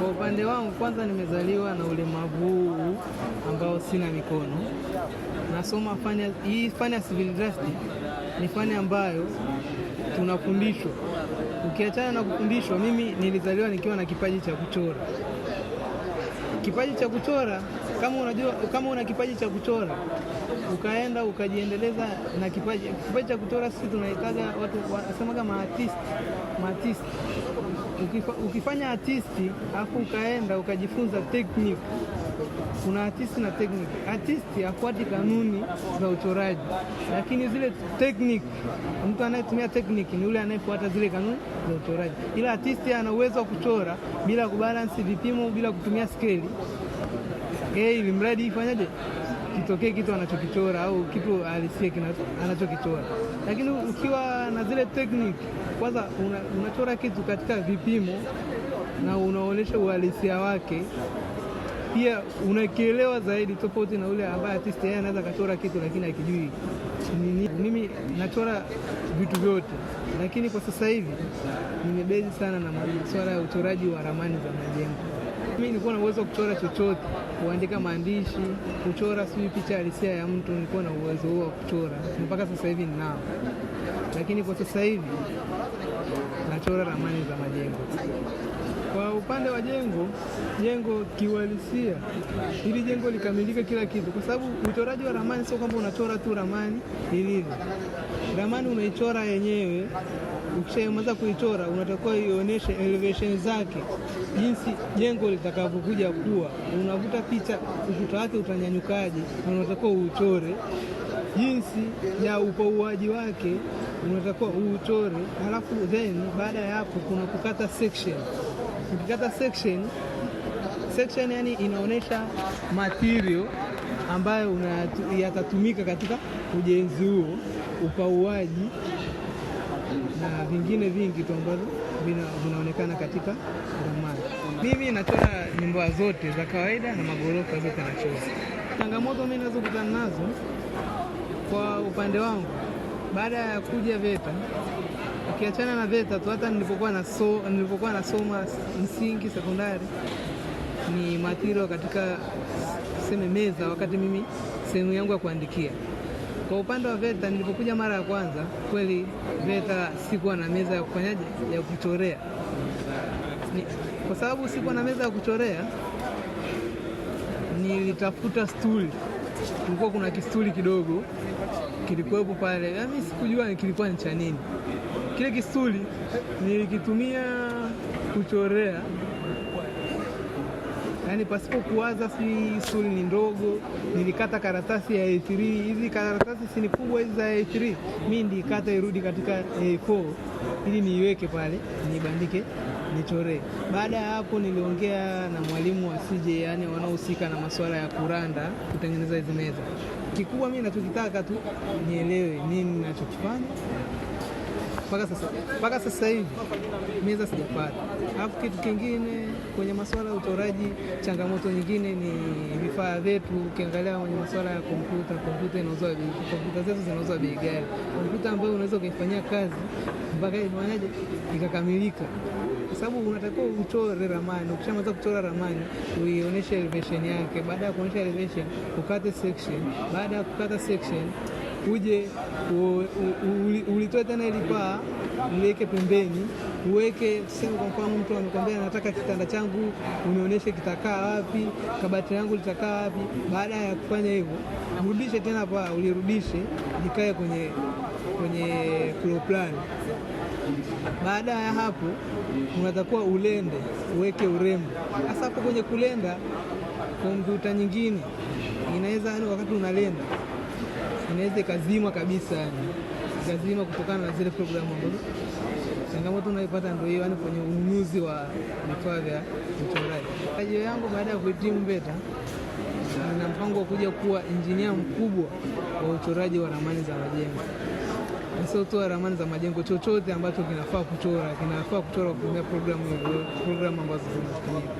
Kwa upande wangu, kwanza nimezaliwa na ulemavu huu ambao sina mikono. Nasoma fani hii, fani ya civil dress ni fani ambayo tunafundishwa. Ukiachana na kufundishwa, mimi nilizaliwa nikiwa na kipaji cha kuchora. Kipaji cha kuchora kama unajua, kama una kipaji cha kuchora ukaenda ukajiendeleza na kipaji kipaji cha kuchora, sisi tunahitaga watu wanasemaga maartisti, maartisti ukifa, ukifanya artisti afu ukaenda ukajifunza tekniki, kuna artisti na tekniki. Artisti afuati kanuni za uchoraji, lakini zile tekniki, mtu anayetumia tekniki ni yule anayefuata zile kanuni za uchoraji, ila artisti ana uwezo wa kuchora bila kubalansi vipimo, bila kutumia skeli. Hey, ili mradi ifanyaje kitokee kitu anachokichora au kitu halisia anachokichora, lakini ukiwa na zile tekniki, kwanza unachora kitu katika vipimo na unaonyesha uhalisia wake pia unakielewa zaidi, tofauti na ule ambaye artist yeye anaweza akachora kitu lakini akijui. Mimi nachora vitu vyote, lakini kwa sasa hivi nimebezi sana na maswala ya uchoraji wa ramani za majengo. Mimi nilikuwa na uwezo wa kuchora chochote, kuandika maandishi, kuchora sijui picha halisia ya mtu, nilikuwa na uwezo huo wa kuchora, mpaka sasa hivi ninao, lakini kwa sasa hivi nachora ramani za majengo. Kwa upande wa jengo, jengo kiuhalisia, ili jengo likamilike kila kitu, kwa sababu uchoraji wa ramani sio kwamba unachora tu ramani ilivyo ramani umeichora yenyewe, ukishamaliza kuichora unatakiwa ionyeshe elevation zake, jinsi jengo litakavyokuja kuwa. Unavuta picha, ukuta wake utanyanyukaje, unatakiwa uuchore jinsi ya upauaji wake unatakiwa uuchore. Halafu then baada ya hapo kuna kukata section. Ukikata section, section yani inaonyesha material ambayo yatatumika katika ujenzi huo, upauaji na vingine vingi tu ambavyo vinaonekana katika ramani. Mimi nachora nyumba zote za kawaida na magorofa zote nachora. Changamoto mimi nazokutana nazo kwa upande wangu baada ya kuja VETA, ukiachana na VETA tu, hata nilipokuwa nasoma msingi, sekondari ni matiro katika seme meza, wakati mimi sehemu yangu ya kuandikia. Kwa upande wa VETA, nilipokuja mara ya kwanza, kweli VETA sikuwa na meza ya kufanyaje, ya kuchorea. Kwa sababu sikuwa na meza ya kuchorea, nilitafuta stuli. Kulikuwa kuna kistuli kidogo kilikuwepo pale, mimi sikujua kilikuwa ni cha nini. Kile kistuli nilikitumia kuchorea yani pasipo kuwaza, si suli ni ndogo, nilikata karatasi ya A3. Hizi karatasi si ni kubwa hizi za A3, mi ndikata irudi katika A4 ili niiweke pale nibandike nichoree. Baada ya hapo, niliongea na mwalimu wa CJ, yani wanaohusika na masuala ya kuranda, kutengeneza hizi meza. Kikubwa mi nachokitaka tu nielewe nini nachokifanya mpaka sasa mpaka sasa hivi meza sijapata. Alafu kitu kingine kwenye masuala ya uchoraji, changamoto nyingine ni vifaa vyetu. Ukiangalia kwenye masuala ya kompyuta, kompyuta inauzwa, kompyuta zetu zinauzwa bei gani? Kompyuta ambayo unaweza ukaifanyia kazi mpaka ifanyaje ikakamilika kwa sababu unatakiwa uchore ramani. Ukishamaliza kuchora ramani, uionyeshe elevation yake. Baada ya kuonyesha elevation, ukate section. Baada ya kukata section uje ulitoe tena ile paa uliweke pembeni, uweke sema Kwa mfano, mtu anakuambia anataka kitanda changu unionyeshe kitakaa wapi, kabati langu litakaa wapi. Baada ya kufanya hivyo, mrudishe tena paa, ulirudishe likae kwenye kwenye floor plan. Baada ya hapo, unatakuwa ulende uweke urembo. Hasa hapo kwenye kulenda, kompyuta nyingine inaweza, yaani wakati unalenda inaweza ikazima kabisa, yani ikazima kutokana na zile programu ambazo changamoto unaipata ndio hiyo, yani kwenye ununuzi wa vifaa vya uchoraji. Ajio yangu baada ya kuhitimu VETA na mpango wa kuja kuwa injinia mkubwa wa uchoraji wa ramani za majengo, sio tu ramani za majengo, chochote ambacho kinafaa kuchora kinafaa kuchora kutumia programu ambazo zinatumia